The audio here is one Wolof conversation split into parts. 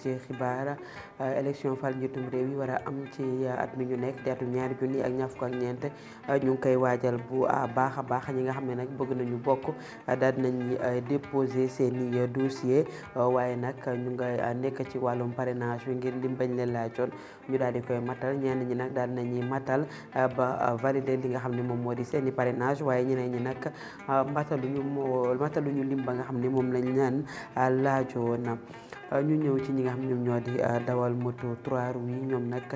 ci xibaar euh, élection fal njiitum réew yi war am ci euh, at mi ñu nekk di atum ñaari junni ak ñaar fukk ak ñeent euh, ñu ngi koy waajal bu baax a baax ñi nga xam ne nag bëgg nañu bokk daal dinañ déposer seen i dossier waaye nag ñu nga nekk ci wàllum parrainage bi ngir lim bañ leen laajoon ñu daal di koy matal ñenn ñi nag daal dinañuy matal ba valider li nga xam ni moom moo di seen i parrainage waaye ñeneen ñi nag mataluñu mataluñu lim moom lañ a laajoon a ñu ñëw ci ñi nga xam ñoom ñoo di ah, dawal moto trois roues ñoom nag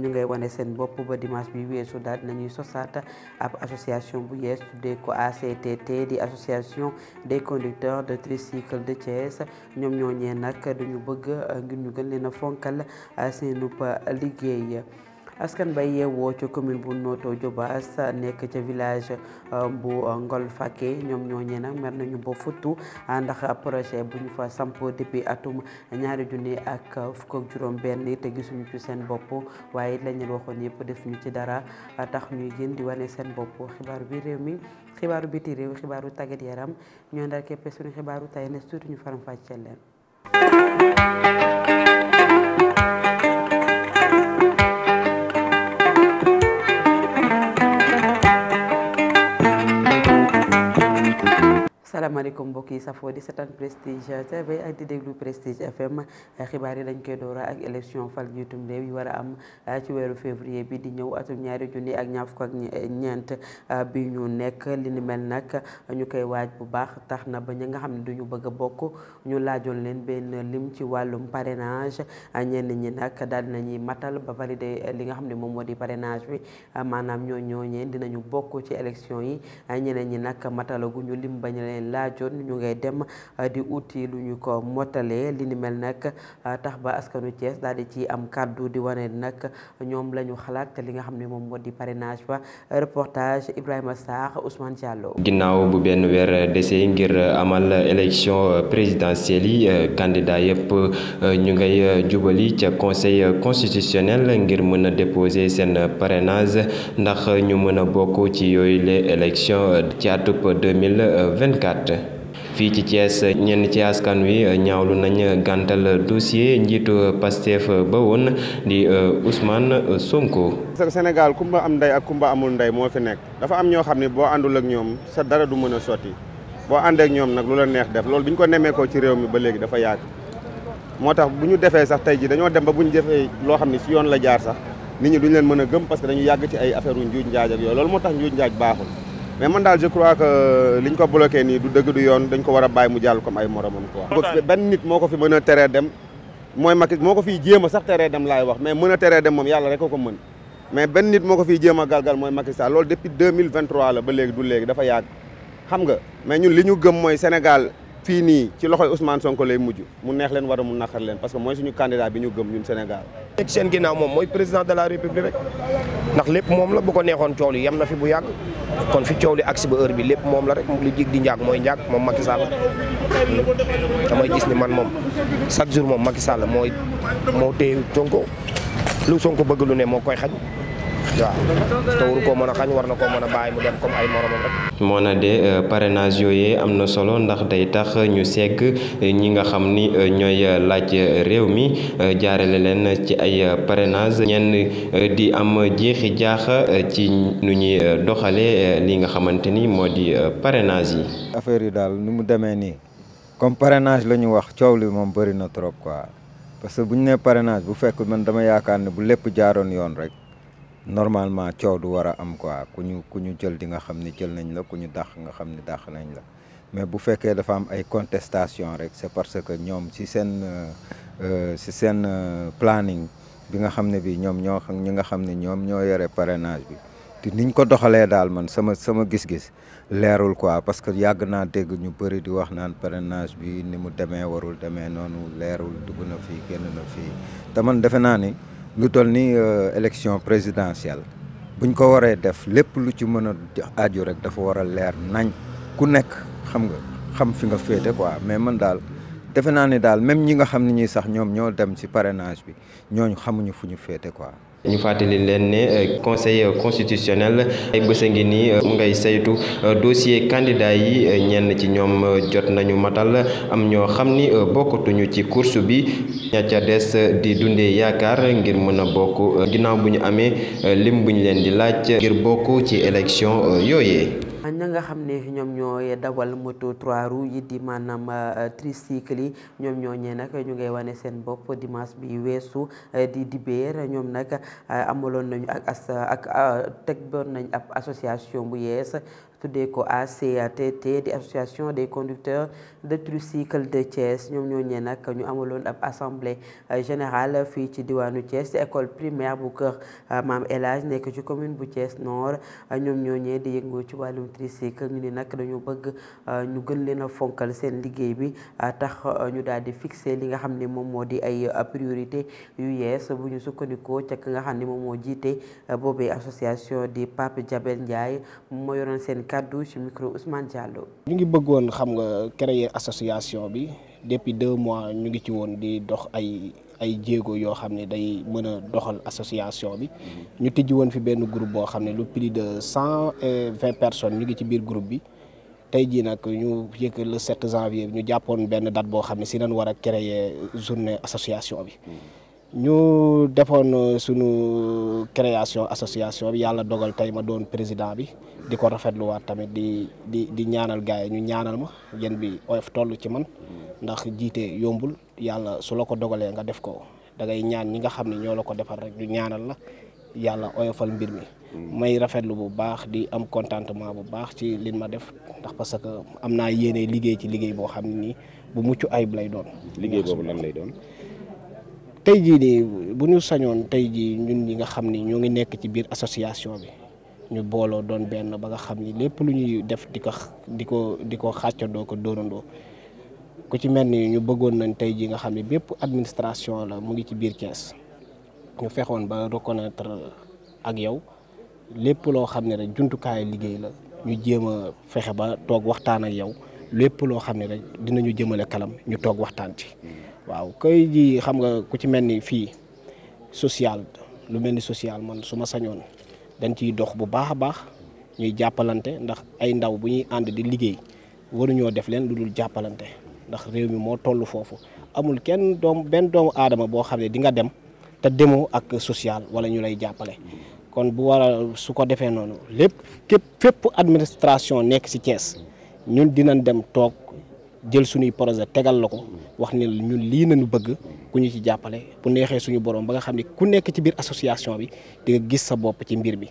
ñu ngay wane seen bopp ba dimanche bi weesu daal nañuy sosaata ab association bu yees de ko ACTT di association des conducteurs de tricycle de Thiès ñoom ñoo ñee nag dañu bëgg ngir ñu gën leen a fonkal ah, seenub liggéey askan bay yeewoo ci commune bu Notto Diobass nekk ca village euh, bu euh, Ngol Faké ñoom ñooñee nag mer nañu ba futtu ndax projet bu ñu fa samp depuis atum ñaari junni ak fukk ak juróom benn te gisuñu ci seen bopp waaye lañ leen waxoon yëpp def ñu ci dara tax ñuy gën di wane seen bopp xibaaru bi réew mi xibaaru biti réew xibaaru tàggat yaram ñoo ndar képpe suñu xibaaru tay ne surtout ñu faram fàcceel leen salaamaaleykum mbokk yi safoo di seetaan prestige tv xibaar yi dañ koy door ak élection fal njiitum réew yi war a am eh, ci weeru février bii di ñëw atum ñaari junni ak ñaar fukk ak eh, ñeent eh, bi ñu nekk li ni mel nag ñu koy waaj bu baax tax na ba ñi nga xam ne duñu bëgg a bokk ñu laajoon leen benn lim ci wàllum parrainage ñenn ñi nag daal dinañuy matal ba valider li nga xam ne moom moo di parrainage bi maanaam ñoo ñooñee dinañu bokk ci élection yi ñeneen ñi nag matalaguñu laajoon ñu ngay dem ah, di uti lu ñu ko mottalee li ni mel nag ah, tax ba askanu Thiès daal di ci am kàddu di wane nag ñoom la ñu xalaat li nga xam ne moom moo di parrainage ba reportage Ibrahima Sarr Ousmane Diallo. ginnaaw bu benn weer dese ngir amal élection présidentielle yi eh, candidat yëpp eh, ñu ngay jubali ca conseil constitutionnel ngir mën a déposer seen parrainage ndax ñu mën a bokk ci yooyu les élections ci atub 2024 te fii ci Thiès ñenn ci askan wi ñaawlu nañ gàntal dossier njiitu Pastef ba woon di euh, Ousmane Sonko. parce que Sénégal kumba am ndey ak kumba amul ndey moo fi nekk dafa am ñoo xam ne boo àndul ak ñoom sa dara du mën a sotti boo àndeek ñoom nag lu la neex def loolu bi ñu ko nemmeekoo ci réew mi ba léegi dafa yàgg moo tax bu ñu defee sax tey ji dañoo dem ba bu ñu defee loo xam ne ci yoon la jaar sax nit ñi duñ leen mën a gëm parce que dañu yàgg ci ay affaire yu njuuj njaaj ak yooyu loolu moo tax njuuj mais man daal je que euh, li ñu ko bloqué nii du dëgg du yoon dañ ko war a bàyyi mu jàll comme ay moromam quoi. benn nit moo ko fi mën a teree dem mooy Macky moo ko fi jéem a sax teree dem laay wax mais mën a teree dem moom yàlla rek ko ko mën mais benn nit moo ko fiy jéem a galgal mooy Macky Sall loolu depuis 2023 la ba léegi du léegi dafa yàgg xam nga mais ñun li ñu gëm mooy Sénégal fii nii ci loxoy Ousmane Sonko lay mujj mu neex leen war a mu naqar leen parce que mooy suñu candidat bi ñu gëm ñun Sénégal. nekk seen ginnaaw moom mooy président de la république rek ndax lépp moom la bu ko neexoon coow li na fi bu yàgg kon fi coow li agsi ba heure bi lépp moom la rek li jig di njaag mooy njaag moom Macky Sall hmm. damay gis ni man moom chaque jour moom Macky Sall mooy moo téye Sonko lu Sonko bëgg lu ne moo koy xañ waaw te waru koo mën na moo na de euh, parrainage yooye am na solo ndax day tax ñu segg euh, ñi nga xam ni euh, ñooy laaj réew mi jaarale leen ci ay parenage ñenn di am jeexi jaax ci nu ñuy doxalee li nga xamante ni moo di parrainage yi. affaire yi daal ni mu demee nii comme parenage la ñu wax coow li moom bëri na trop quoi parce que bu ñu nee parrainage bu fekk man dama yaakaar ne bu lépp jaaroon yoon rek. normalement coow du war a am quoi ku ñu ku ñu jël di nga xam ni jël nañ la ku ñu dax nga xam ni dàq nañ la mais bu fekkee dafa am ay contestation rek c'est parce que ñoom si seen ci seen euh, euh, euh, planning bi nga xam ne bi ñoom ñoo ñi nga xam ne ñoom ñoo yore parrainage bi te niñ ko doxalee daal man sama sama gis-gis leerul quoi parce que yàgg naa dégg ñu bëri di wax naan parrainage bi ni mu demee warul demee noonu leerul dugg na fii génn na fii te man defe naa ni lu toll ni euh, élection présidentielle buñ ko waree def lépp lu ci mën a aju rek dafa war a leer nañ ku nekk xam nga xam fi nga féete quoi mais man daal defe naa ne daal même ñi nga xam ne ñii sax ñoom ñoo dem ci parrainage bi ñooñu xamuñu fu ñu féete quoi. ñu fàttali leen ne euh, conseil constitutionnel ay bés a ngi nii euh, mu ngay saytu euh, dossier candidat yi ñenn ci ñoom jot nañu matal am ñoo xam ni bokkatuñu ci course bi ña ca des di dundee yaakaar ngir mën a bokk ginnaaw bu ñu amee lim bu leen di laaj ngir bokk ci élection yooyee ña nga xam ne ñoom ñooy dawal moto trois roues yi di maanaam euh, tricycle yi ñoom ñoo ñee nag ñu ngay wane seen bopp dimanche bi weesu euh, di dibeer ñoom nag euh, amaloon nañu ak as ak tegboon nañ ab association bu yees tuddee ko ACATT di association des conducteurs de tricycle de Thiès ñoom ñooñee nag ñu amaloon ab assemblée euh, général fii ci diwaanu Thiès ci école primaire bu kër euh, maam El Hadj nekk ci commune bu Thiès noor euh, ñoom ñooñee di yëngoo ci wàllum tricycle ñu ne nag dañu bëgg ñu gën leen a fonkal seen liggéey bi tax ñu daal di fixé li nga xam ni moom moo di ay priorité yu yees bu ñu sukkandikoo ca ki nga xam ni moom moo jiite boobee association di Pape Diabel Ndiaye moo yoroon seen kàddu ci micro Ousmane Diallo. association bi depuis deux mois ñu ngi ci woon di dox ay ay jéego yoo xam ne day mën a doxal association bi mm-hmm. ñu tijji woon fi benn groupe boo xam ne lu plus de cent et vingt personnes ñu ngi ci biir groupe bi tey jii nag ñu yëkk le 7 janvier ñu jàppoon benn date boo xam ne si nañ war a créer journée association bi mm-hmm. ñu defoon euh, suñu création association bi yàlla dogal tey ma doon président bi di ko rafetluwaat tamit di di di ñaanal gars yi ñu ñaanal ma yéen bi oyof tollu ci man ndax jiite yombul yàlla su la ko dogalee nga def ko da ngay ñaan ñi nga xam ne ñoo la ko defal rek ñu ñaanal la yàlla oyofal mbir mi. may rafetlu bu baax di am contentement bu baax ci li ma def ndax parce que am naa yéene liggéey ci liggéey boo xam ne nii bu mucc ayib lay doon. liggéey boobu lan lay doon. tey jii nii bu ñu sañoon tey jii ñun ñi nga xam ni ñoo ngi nekk ci biir association bi ñu booloo doon benn ba nga xam ni lépp lu ñuy def di ko di ko di ko xàccandoo ko ku ci mel ni ñu bëggoon nañ tey jii nga xam ne bépp administration la mu ngi ci biir Thiès ñu fexoon ba reconnaître ak yow lépp loo xam ne rek jumtukaayu liggéey la ñu jéem a fexe ba toog waxtaan ak yow lépp loo xam ne rek dinañu jëmale kalam ñu toog waxtaan ci. waaw koy ji xam nga ku ci mel ni fii social lu mel ni social man su ma sañoon dañ ciy dox bu baax a baax ñuy jàppalante ndax ay ndaw bu ñuy ànd di liggéey ñoo def leen lu dul jàppalante ndax réew mi moo toll foofu amul kenn doom benn doomu aadama boo xam ne di nga dem te demoo ak sociale wala ñu lay jàppale kon bu war su ko defee noonu lépp képp fépp administration nekk ci Thiès ñun dinañ dem toog jël suñuy projet tegal la ko wax ne ñun lii nañu bëgg ku ñu ci jàppale bu neexee suñu borom ba nga xam ne ku nekk ci biir association bi di gis sa bopp ci mbir bi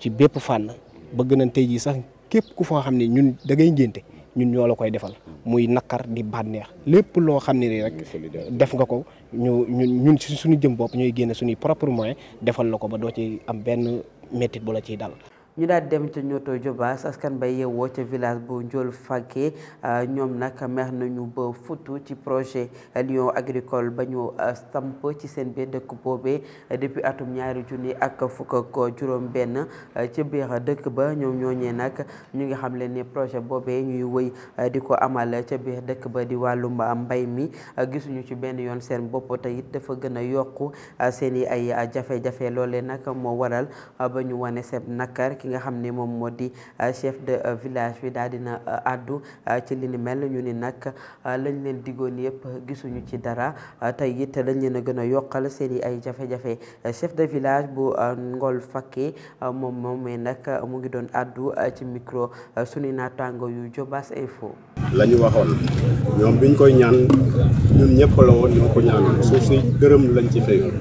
ci bépp fànn bëgg nañ tey jii sax képp ku fa xam ne ñun da ngay ngénte ñun ñoo la koy defal muy nakar di bànneex lépp loo xam ne nii rek def nga ko ñu ñun ñun si suñu jëm bopp ñuy génne suñuy propre moyen defal la ko ba doo ci am benn métit bu la ciy dal ñu daal dem ca ñoto Jobaas saskan bay yeewoo ca village bu Ndiol Fagge euh, ñoom nag meex nañu ba futu ci projet lion agricole ba ñu euh, samp ci seen biir dëkk boobee depuis atum ñaari junni ak fukk ak juróom benn euh, ci biir dëkk ba ñoom ñooñee nag ñu ngi xam leen ni projet boobee ñuy wëy di ko amal ca biir dëkk ba di wàllum mbay mi gisuñu ci benn yoon seen bopp te it dafa gën a yokk seen i ay jafe-jafe loolee nag moo waral ba ñu wane seen nakar ki nga xam ne moom moo di euh, chef de euh, village bi daal dina euh, àddu ci li mel ñu ni nag lañ leen diggoon yëpp gisuñu ci dara tey it lañ leen a gën a yokkal seen i ay jafe-jafe chef de village bu ngool Fakke moom moom moomee nag mu ngi doon àddu ci micro suñu naataango yu Jobaas Info. la ñu waxoon ñoom biñ koy ñaan ñun ñëpp la woon ñoo ko ñaanoon suuf si dërëm lañ ci feeyoon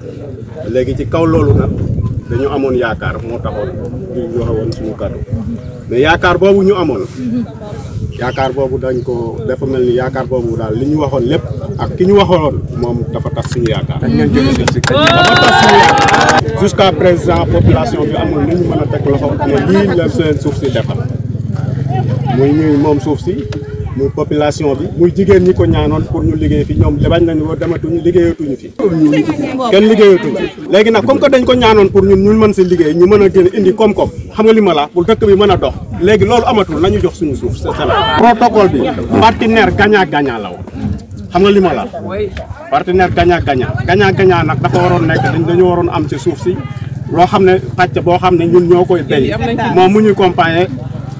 léegi ci kaw loolu nag. dañu amoon yaakaar moo taxoon ñu joxe woon suñu kàddu mais yaakaar boobu ñu amoon yaakaar boobu dañ ko dafa mel ni yaakaar boobu daal li ñu waxoon lépp ak ki ñu waxoon moom dafa tas suñu yaakaar. dañ leen jëlee si dafa tas suñu population bi amul lu ñu mën a teg loxo ne lii la seen suuf si defal muy ñuy moom suuf si. muy population bi muy jigéen ñi ko ñaanoon pour ñu liggéey fi ñoom bañ nañu woo dematuñu liggéeyatuñu fi kenn liggéeyatuñu léegi nag comme que dañ ko ñaanoon pour ñun ñun mën si liggéey ñu mën a gën indi koom-koom xam nga li pour dëkk bi mën a dox léegi loolu amatul nañu jox suñu suuf c'est ça protocole bi partenaire gagnant gagnant la woon xam nga li ma la partenaire gagnant gagnant gagnant gagnant nag dafa waroon nekk dañ dañu waroon am ci suuf si loo xam ne pàcc boo xam ne ñun ñoo koy béy moom mu ñu compagné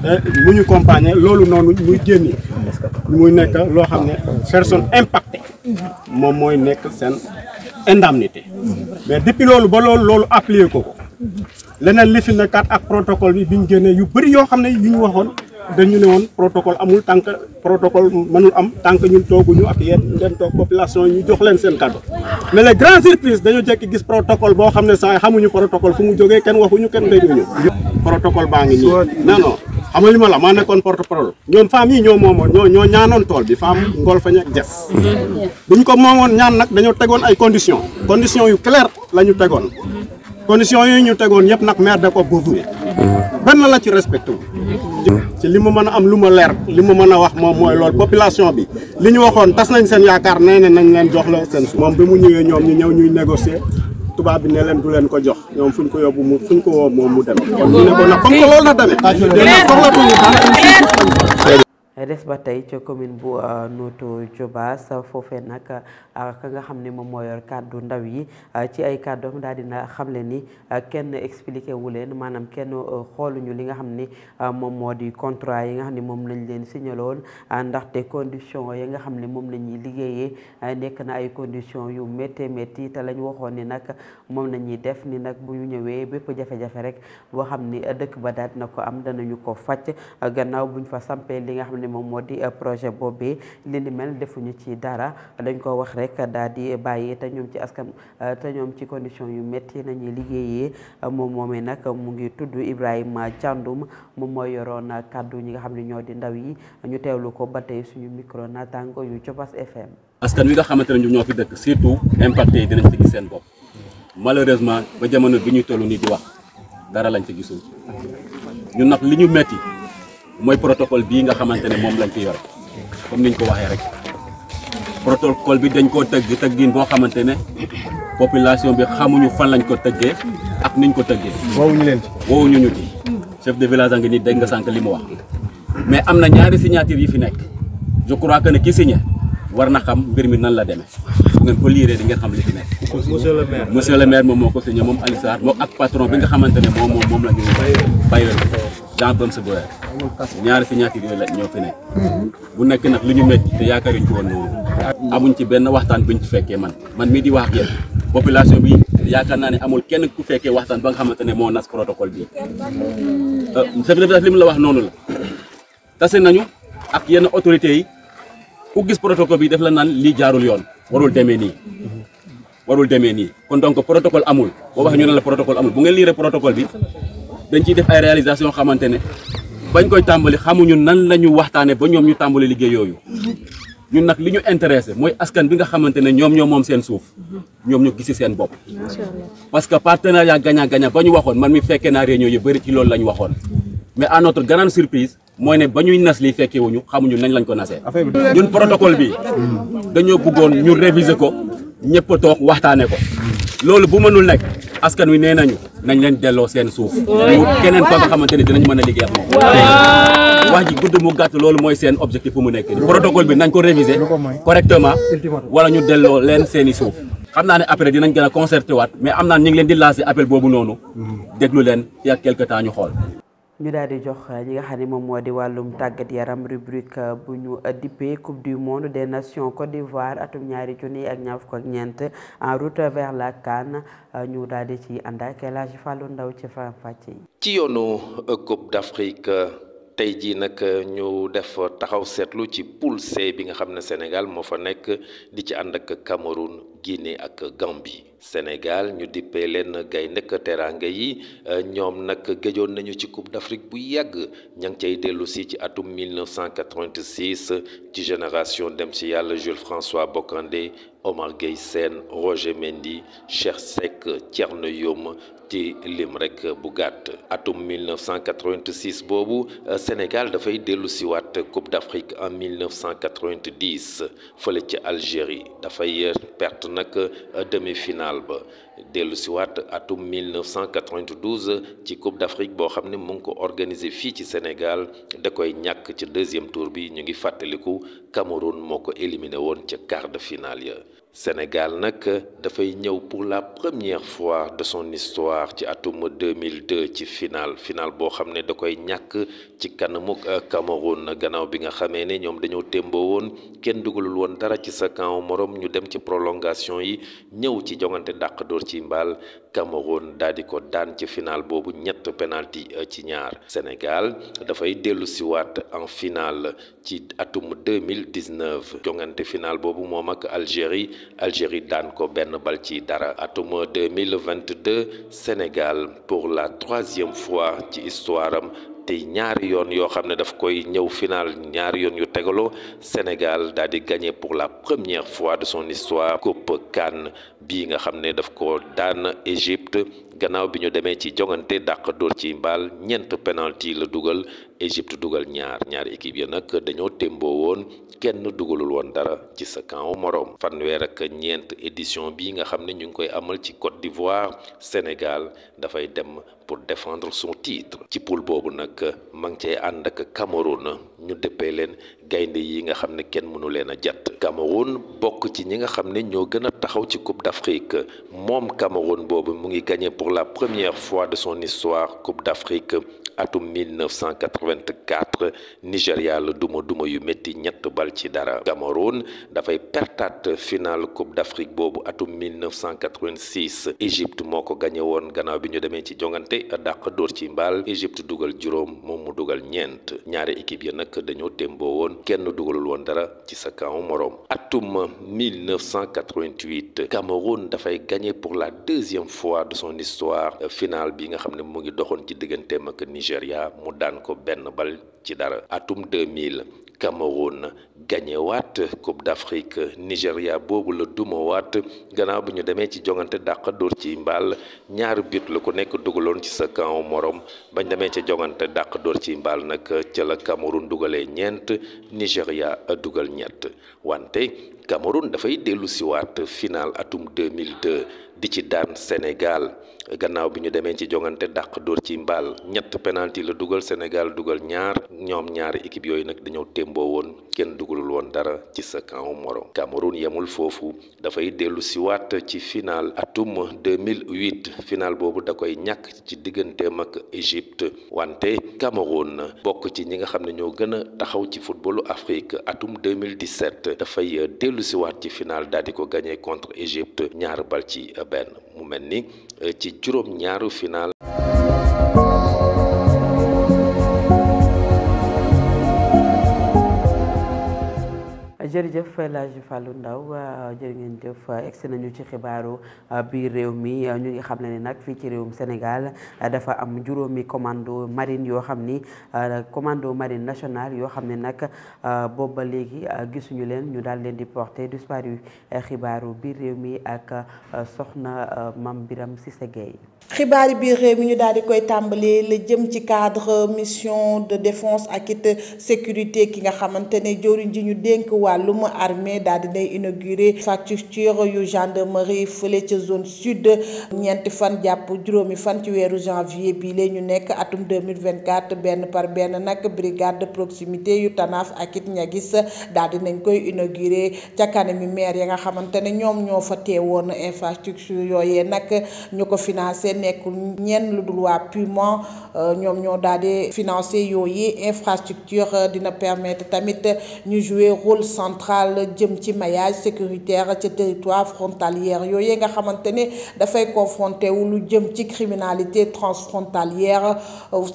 eh, mu ñu compagné loolu noonu muy génn muy nekk loo xam ne personne impactée moom mooy nekk seen indemnité mais depuis loolu ba loolu loolu appliqué ko ko leneen li fi nekkaat ak protocole bi bi ñu génnee yu bëri yoo xam ne yu ñu waxoon dañu ne woon protocole amul tant que protocole mënul am tant que ñun tooguñu ak yéen ngeen toog population yi ñu jox leen seen kàddu mais les grandes surprises dañoo jekki gis protocole boo xam ne saa xamuñu protocole fu mu jógee kenn waxuñu kenn dégguñu protocole baa ngi nii non xam nga li ma la maa nekkoon porte parole ñoom femmes yi ñoo moomoon ñoo ñoo ñaanoon tool bi femme Ngolfañ ak Diass buñ ko moomoon ñaan nag dañoo tegoon ay condition conditions yu claires la ñu tegoon conditions yooyu ñu tegoon yëpp nag maire da ko boobu benn la ci respecté wu ci li ma mën a am lu ma leer li ma mën a wax moom mooy loolu population bi li ñu waxoon tas nañ seen yaakaar nee nañ nañ leen jox la seen moom bi mu ñëwee ñoom ñu ñëw ñuy négocier tubaab bi ne leen a leen ko jox ñoom fuñ ko yóbbu mu fuñ ko woo moom mu dem kon ñu ne ko nag comme que loolu na demee. des ba tey ca commune bu euh, Notto Diobass foofee nag euh, ka nga xam ne moom moo yor kàddu ndaw yi euh, ci ay kàddoom daal dina xamle ni kenn expliqué wu leen maanaam kenn xooluñu li nga xam ni moom moo di contrat yi nga xam ne moom lañ leen signaloon ndaxte condition yi nga xam ne moom la ñuy liggéeyee nekk na ay condition yu métti métti te lañ waxoon ni nag moom la ñuy def ni nag bu ñu ñëwee bépp jafe-jafe rek boo xam ni dëkk ba daal dina ko am danañu ko fàcc gannaaw buñ fa sampee li nga xam ne moom moo di euh, projet boobee li ni mel defuñu ci dara dañ ko wax rek daal di bàyyi te ñoom ci askan euh, te ñoom ci condition yu métti nañuy liggéeyee moom moomee nag mu ngi tudd Ibrahima Thiandoum moom mooy yoroon kàddu ñi nga xam ne ñoo di ndaw yi ñu teewlu ko ba tey suñu micro naataango yu Jobaas FM. askan wi nga xamante ne ñoo fi dëkk surtout impacté yi dinañ ci gis seen bopp malheureusement ba jamono bi ñuy toll nii di wax dara lañ ci gisul ñun nag li ñu métti. mooy protocole bii nga xamante ne moom lañ fi yore comme niñ ko waxee rek protocole bi dañ koo tëgg tëggin boo xamante ne population bi xamuñu fan lañ ko tëggee ak niñ ko tëggee. woowuñu leen ci woowuñu ñu ci. chef de village a ngi nii dégg nga sànq li mu wax mais am na ñaari signature yi fi nekk je crois que ki signé war na xam mbir mi nan la demee bu ngeen ko liiree di ngeen xam li fi nekk. monsieur le maire moom moo ko signé moom Alioune Sarr ak patron bi nga xamante ne moom moom la ñu bàyyi daa bon sa boyar ñaar si yooyu la ñoo fi nekk bu nekk nag lu ñu métti te yaakaaruñ ci woon amuñ ci benn waxtaan buñ ci fekkee man man mii di wax ak yéen population bi yaakaar naa ne amul kenn ku fekkee waxtaan ba nga xamante ne moo nas protocole bi chef de village li mu la wax noonu tase nañu ak yenn autorités yi ku gis protocole bi def la naan li jaarul yoon warul demee nii warul demee nii kon donc protocole amul boo waxee ñu ne la protocole amul bu ngeen liiree protocole bi dañ ciy def ay réalisation xamante ne bañ koy tàmbali xamuñu nan la ñu waxtaane ba ñoom ñu tàmbali liggéey yooyu ñun nag li ñu intéressé mooy askan bi nga xamante ne ñoom ñoo moom seen suuf ñoom ñu gisi seen bopp parce que partenariat gagnant gagnant ba ñu waxoon man mi fekkee naa réunion yu bëri ci loolu lañu ñu waxoon mais à notre grande surprise mooy ne ba ñuy nas li fekkee wuñu xamuñu nañ lañ ko nasee ñun protocole bi dañoo bëggoon ñu réviser ko ñëpp toog waxtaane ko loolu bu mënul nekk askan wi nee nañu nañ leen delloo seen suuf mu keneen ko nga xamante ni dinañ mën a liggéey ak wax ji gudd mu gàtt loolu mooy seen objectif fu mu nekk nii protocole bi nañ ko réviser correctement wala ñu delloo leen seeni suuf xam naa ne après dinañ gën a concerté waat mais am naa ñu ngi leen di lancer appel boobu noonu hmm. déglu leen ci ak quelque temps ñu xool ñu daal di jox ñi eh, nga xam ne moom moo di wàllum tàggat yaram rubrique eh, bu ñu eh, dippee coupe du monde des nations Côte d'Ivoire atum ñaari junni ak ñaar fukk ak ñeent en route vers la CAN ñu daal di ci ànd ak El Hadji Ndaw ci fa fàcce yi. ci yoonu Coupe d'Afrique. tey jii nag euh, ñu def taxaw seetlu ci poule bi nga xam ne Sénégal moo fa nekk di ci ànd ak Cameroun Guinée ak Gambie Sénégal ñu dippee leen gaynde teraanga yi euh, ñoom nag géjoon nañu ci Coupe d'Afrique bu yàgg ña ngi cay dellu si ci atum 1986 ci génération dem ci yàlla Jules François Bocandé Omar Gueye Sène Roger Mendy Cheikh Seck Thierno Yom ci lim rek bu gàtt atum 1986 boobu euh, Sénégal dafay dellu siwaat Coupe d'Afrique en 1990 fële ci Algérie dafay euh, perte nag euh, demi-finale ba dellu siwaat atum 1992 ci Coupe d'Afrique boo xam ne mu ngi ko organisé fii ci Sénégal da koy ñàkk ci deuxième tour bi ñu ngi fàttaliku Cameroun moo ko éliminé woon ca quart de finale ya Sénégal nag dafay ñëw pour la première fois de son histoire ci atum 2002 ci final final boo xam ne da koy ñàkk ci kanamu euh, Cameroun gannaaw bi nga xamee ne ñoom dañoo témboo woon kenn dugalul woon dara ci sa camp moroom ñu dem ci prolongation yi ñëw ci jongante dàq dóor ci mbaal Cameroun daal di ko daan ci final boobu ñett penalti euh, ci ñaar Sénégal dafay dellu si waat en final ci atum 2019 jongante final boobu moom ak Algérie Algérie daan ko benn bal ci dara atum 2022 Sénégal pour la troisième fois ci histoire penalty ñaari yoon yoo xam ne daf koy ñëw final ñaari yoon yu tegaloo Sénégal daal di gagné pour la première fois de son histoire coupe CAN bi nga xam ne daf ko daan Égypte gannaaw bi ñu demee ci jongante dàq dóor ci mbaal ñeent penalty la dugal Égypte dugal ñaar ñaari équipe ya nag dañoo témboo woon kenn dugalul woon dara ci sa camp moroom fanweer ak ñeent édition bi nga xam ne ñu ngi koy amal ci Côte d'Ivoire Sénégal dafay dem pour défendre son titre ci poule boobu nag ma ngi cay ànd ak Cameroun ñu dëppee leen gaynde yi nga xam ne kenn mënu leen a jàtt Cameroun bokk ci ñi nga xam ne ñoo gën a taxaw ci Coupe d'Afrique moom Cameroun boobu mu ngi gagné pour la première fois de son histoire Coupe d'Afrique atum 1984 Nigéria la duma duma yu métti ñett bal ci dara Cameroun dafay pertaat final Coupe d'Afrique boobu atum 1986 Égypte moo ko gañe woon gannaaw bi ñu demee ci jongante dàq door ci mbaal Égypte dugal juróom moom mu dugal ñeent ñaari équipe ya nag dañoo temboo woon kenn dugalul woon dara ci sa camp moroom atum 1988 Cameroun dafay gagné pour la deuxième fois de son histoire finale bi nga xam ne mu ngi doxoon ci digganteem ak Niger Nigéria mu daan ko benn bal ci dara atum 2000 Cameroun gagné waat Coupe d'Afrique Nigéria boobu la duma waat gannaaw bu ñu demee ci jongante dàq dóor ci mbaal ñaari but la ku nekk dugaloon ci sa camp morom bañ demee ca jongante dàq dóor ci mbaal nag ca la Cameroun dugalee ñeent Nigéria dugal ñett wante Cameroun dafay dellu siwaat final atum 2002 di ci daan Sénégal gannaaw bi ñu demee ci jongante dàq dóor ci mbaal ñett penalti la dugal Sénégal dugal ñaar ñoom ñaari équipe yooyu nag dañoo témboo woon kenn dugalul woon dara ci sa camp moro Cameroun yemul foofu dafay dellu siwaat ci final atum 2008 final boobu da koy ñàkk ci digganteem ak Égypte wante na bokk ci ñi nga xam ne ñoo gën a taxaw ci footballu Afrique atum 2017 dafay dellu dellu siwaat ci final daal di ko gagné contre Égypte ñaar bal ci benn mu mel ni ci juróom ñaaru final jërëjëf El Hadj Fallou Ndao euh, jërë ngeen jëf euh, egsi nañu ci xibaaru euh, biir réew mi ñu ngi xam ne ni nag fii ci réewum Sénégal dafa am juróomi commando marine yoo xam ni commando marine nationale yoo xam ne nag boobu ba léegi gisuñu leen ñu daal leen di porté disparu xibaaru biir réew mi ak soxna Mame Birame Cissé Gueye xibaari biir réew mi ñu daal di koy tàmbalee la jëm ci cadre mission de défense ak it sécurité ki nga xamante ne ji ñu dénk wàll wàllum armée daal di nay inauguré facture yu gendarmerie fële ca zone sud ñeenti fan jàpp juróomi fan ci weeru janvier bii la ñu nekk atum 2024 benn par benn nag brigade de proximité yu tanaaf ak it ñagis daal di nañ koy inauguré ca kanami maire ya nga xamante ne ñoom ñoo fa teewoon infrastructure yooyee nag ñu ko financé nekkul ñenn lu dul waa Purement euh, ñoom ñoo daal di financé yooyu infrastructure dina permettre tamit ñu jouer rôle centrale jëm ci maillage sécuritaire ca territoire frontalière yooyu nga xamante ne dafay confronté wu lu jëm ci criminalité transfrontalière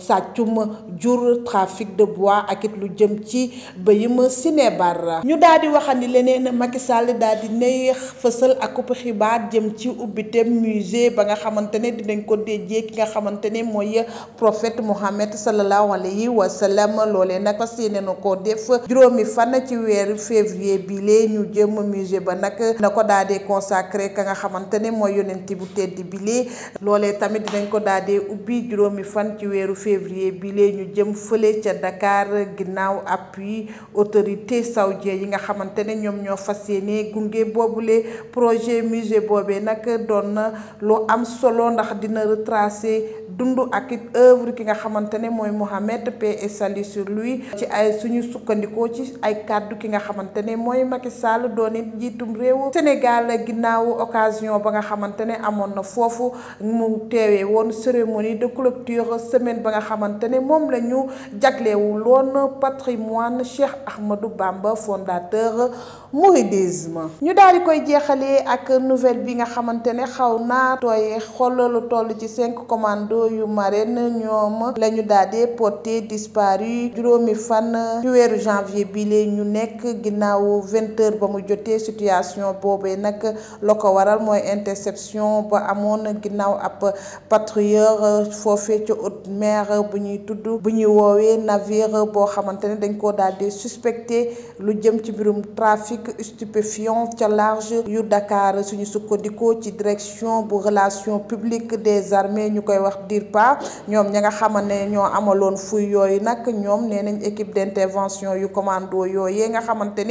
sàccum jur trafic de bois ak lu jëm ci béyum sinébar ñu daal di waxandi leneen Macky Sall daal di nay fësal ak ëpp xibaar jëm ci ubbiteem musée ba nga xamante ne dinañ ko déjee ki nga xamante ne mooy prophète Mohammed sallallahu alayhi wa sallam loolee nag fas yéene na koo def juróomi fan ci weeru février février bi ñu jëm musée ba nag na ko daal di consacré ka nga xamante ne mooy yonent bu tedd bi lee loolee tamit dinañ ko daal di ubbi juróomi fan ci weeru février bi lee ñu jëm fële ca Dakar ginnaaw appui autorité saoudien yi nga xamante ne ñoom ñoo fas yéene gunge boobulee projet musée boobee nag doon na lu am solo ndax dina retracer dund ak it œuvre ki nga xamante ne mooy Mohamed p et salut sur lui ci ay suñu sukkandikoo ci ay kàddu ki nga xamante xamante mooy Macky Sall doon it njiitum réewu Sénégal ginnaawu occasion ba nga xamante ne amoon na foofu mu teewee woon cérémonie de clôture semaine ba nga xamante ne moom la ñu jagleewu loon patrimoine Cheikh Ahmadou Bamba fondateur mouridisme ñu daal di koy jeexalee ak nouvelle bi nga xamante ne xaw naa tooye xol lu toll ci cinq commando yu marine ñoom la ñu daal di porté disparu juróomi fan ci weeru janvier bi ñu nekk ginnaaw ginnaaw vingt heures ba mu jotee situation boobee nag loo ko waral mooy interception ba amoon ginnaaw ab patrouilleur foofee ca haute mer bu ñuy tudd bu ñuy woowee navire boo xamante ne dañ koo daal di suspecté lu jëm ci mbirum trafic stupéfiant ca large yu Dakar suñu sukkandikoo ci direction bu relation publique des armées ñu koy wax DIRPA ñoom ña nga xamante ne ñoo amaloon fuy yooyu nag ñoom nee nañ équipe d'intervention yu commando yooyee nga xamante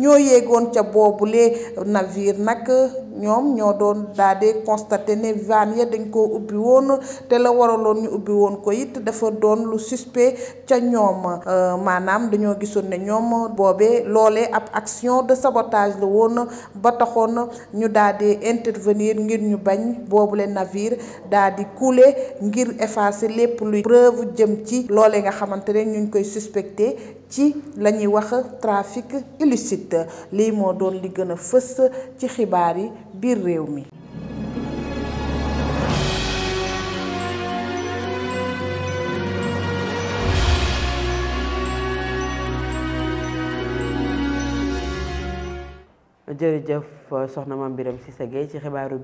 ñoo yéegoon ca boobu boobule navire nag ñoom ñoo doon daal di ne vanne ya dañ ko ubbi woon te la waraloon ñu ubbi woon ko it dafa doon lu suspet ca ñoom euh, maanaam dañoo gisoon ne ñoom boobe loole ab action de sabotage la woon ba taxoon ñu daal di intervenir ngir ñu bañ boobu boobule navire daal di couler ngir effacer lépp luy preuve jëm ci loolee nga xamante ne ñu ngi koy suspecté ci la ñuy wax trafic illicite lii moo doon li gën a fës ci xibaar yi. biir réew mi jërëjëf jërëjëf euh, soxna maam Birame Cissé Gueye ci xibaaru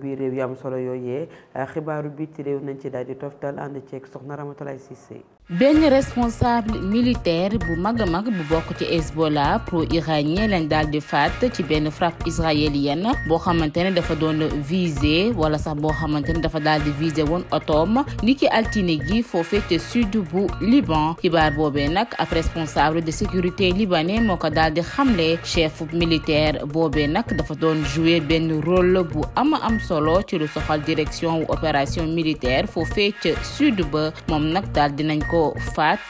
euh, di toftal ànd ceeg soxna Ramatoulaye Cissé. benn responsable militaire bu mag a mag bu bokk ci Hezbollah pro iranien lañ daal di faat ci benn frappe israélienne boo xamante ne dafa doon visé wala sax boo xamante ne dafa daal di visé woon otoom ni ki altine gi foofee te sud bu Liban xibaar boobee nag ab responsable de sécurité libanais moo ko daal di xamle chef militaire boobee nag dafa doon joué benn rôle bu am am solo ci lu soxal direction wu opération militaire foofee ca sud ba moom nag daal dinañ ko faat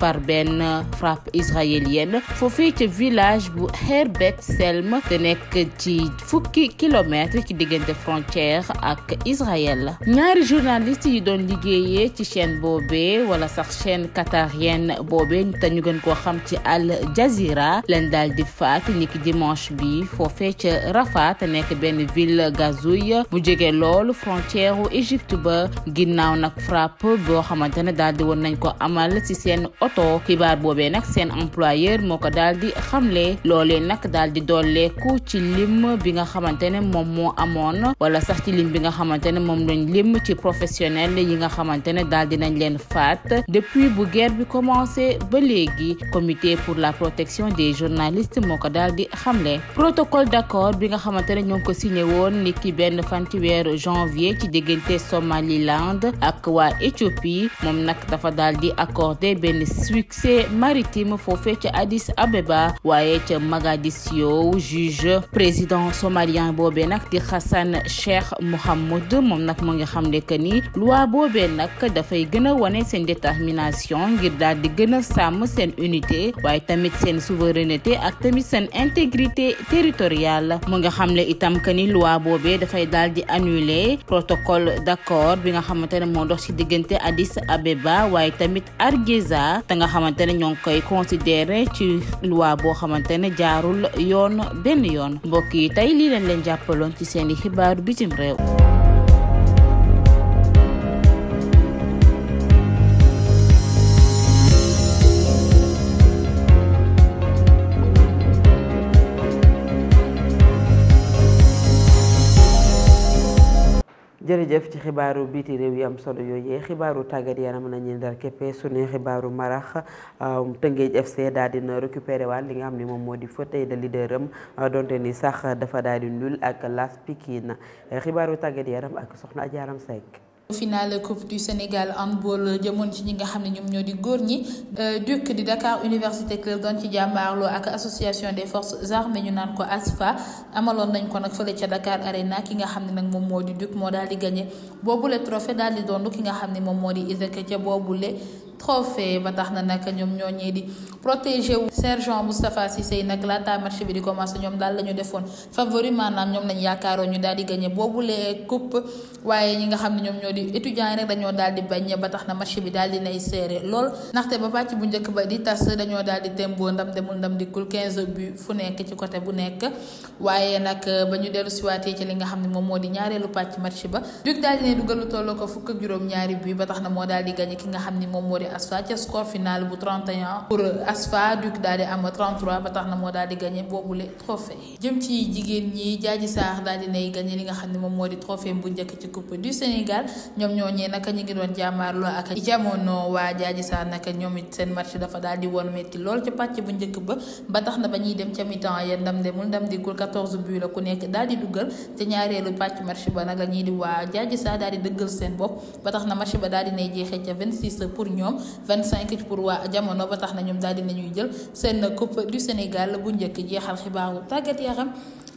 par benn frappe israélienne foofee ca village bu Herbet Selm te nekk ci fukki kilomètre ci diggante frontière ak Israël ñaari journaliste yi doon liggéeyee ci chaîne boobee wala sax chaîne qatarienne boobee te ñu gën koo xam ci Al Jazeera lañ daal di faat niki dimanche bi foofee ca Rafah Touba te nekk benn ville gazouille bu jege loolu frontière u ba ginnaaw nag frappe boo xamante ne daal di woon nañ ko amal ci seen oto xibaar boobee nag seen employeur moo ko daal di xamle loolee nag daal di dolleeku ci lim bi nga xamante ne moom moo amoon wala sax ci lim bi nga xamante ne moom lañ lim ci professionnel yi nga xamante ne daal di nañ leen faat depuis bu guerre bi commencé ba léegi comité pour la protection des journalistes moo ko daal di xamle protocole xamante ne ñoo ngi ko signé woon ni ki benn fan ci weeru janvier ci diggante Somaliland ak waa Éthiopie moom nag dafa daal di accordé benn succès maritime foofee ca Addis Abeba waaye ca Mogadiscio juge président somalien boobee nag di Hassan Cheikh Mohamud moom nag mu ngi xam ne que ni loi boobe nag dafay gën a wane seen détermination ngir daal di gën a sàmm seen unité waaye tamit seen souveraineté ak tamit seen intégrité territoriale mu nga xam xamle itam que ni luwa boobee dafay daal di annuler protocole d'accord bi nga xamante ne moo dox ci diggante Addis Abeba waaye tamit Hargeisa te nga xamante ne ñoo ngi koy considérer ci luwa boo xamante ne jaarul yoon benn yoon mbokk yi tey lii leen leen jàppaloon ci seen i xibaaru bitim réew. jërëjëf ci xibaaru biti réew yaam am solo yooyee xibaaru tàggat yaram nañu ndar su suñu xibaaru marax um, Tëngéej FC daal dina récupéré waat li nga xam ne moom moo di fauteuil de leader am uh, donte ni sax dafa daal di nul ak Las Pikine xibaaru tàggat yaram ak soxna Adja Aram finale coupe du Sénégal handball jëmoon ci ñi nga xam ne ñoom ñoo di góor ñi euh, DUC di Dakar Université Club doon ci jàmbaarloo ak association des forces armées ñu naan ko ASFA amaloon nañ ko nag fële ca Dakar Arena ki nga xam ne nag moom moo di DUC moo daal di gagné boobule trophée daal di doon ki nga xam ne moom moo di Isaac ca boobule trop fait ba tax na nag ñoom ñoo ñee di protéger wu sergent Moustapha Cissé nag laata match bi di commencé ñoom daal la defoon favori maanaam ñoom lañ yaakaaroon ñu daal di gagné boobulee xam ne ñoom ñoo di étudiants yi rek dañoo daal di bañ ba tax na match bi daal di nay serré lool ndaxte ba pàcc bu njëkk ba di tas dañoo daal di tembo ndam demul ndam dikkul 15 but fu nekk ci côté bu nekk waaye nag ba ñu dellu siwaatee ci li nga xam ne moom moo di ñaareelu pàcc match ba Duc daal di ne dugal lu tolloo ko fukk juróom ñaari but ba tax na moo daal di ki nga xam ni premier ASFA ca score final bu 31 pour ASFA Duc daal di am 33 ba tax na moo daal di gagné boobule trophée jëm ci jigéen ñi Jaaji Sarr daal di nay gagné li nga xam ne moom moo di trophée bu njëkk ba ba tax na ba ñuy dem ca mi-temps ya ndam demul ndam digul 14 ku nekk daal di duggal te ñaareelu pàcc match ba nag la di waa Jaaji Sarr daal di dëggal seen bopp ba tax na match ba daal di nay jeexee ca 26 pour ñoom vingt cinq pour waa jamono ba tax na ñoom daal dinañuy jël seen coupe du Sénégal bu njëkk jeexal xibaaru tàggat yaram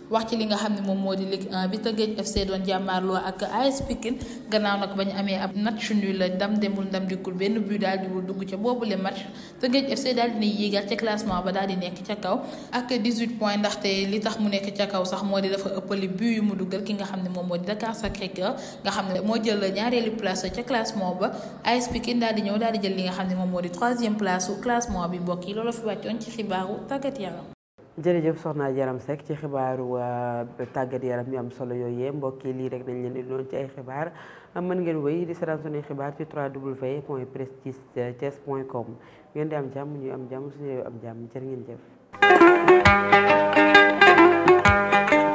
wax ci li nga xam ne moom moo di Ligue 1 bi Tëngéej FC doon jàmmaarloo ak AS Pikine gannaaw nag ñu amee ab match nul la ndam demul ndam dikkul benn but daal di wul dugg ca boobule match Tëngéej FC daal dina yéegaat ca classement ba daal di nekk ca kaw ak 18 points ndaxte li tax mu nekk ca kaw sax moo di dafa ëppali but yu mu duggal ki nga xam ne moom moo di Dakar Sacré-Cœur nga xam ne moo jël ñaareelu place ca classement ba AS Pikine daal di ñëw daal di jël li nga xam ne moom moo di troisième place su bi mbokk yi loolu fi wàccoon ci xibaaru tàggat yaram jërëjëf soxna Jaram Seck ci xibaaru euh, tàggat yaram yu am solo yooyee mbokk yi lii rek nañ leen di doon ci ay xibaar man ngeen wéy di seetaan suñuy xibaar ci www.prestige.com ngeen di am jàmm ñu am jàmm suñu am jàmm jer ngeen jëf.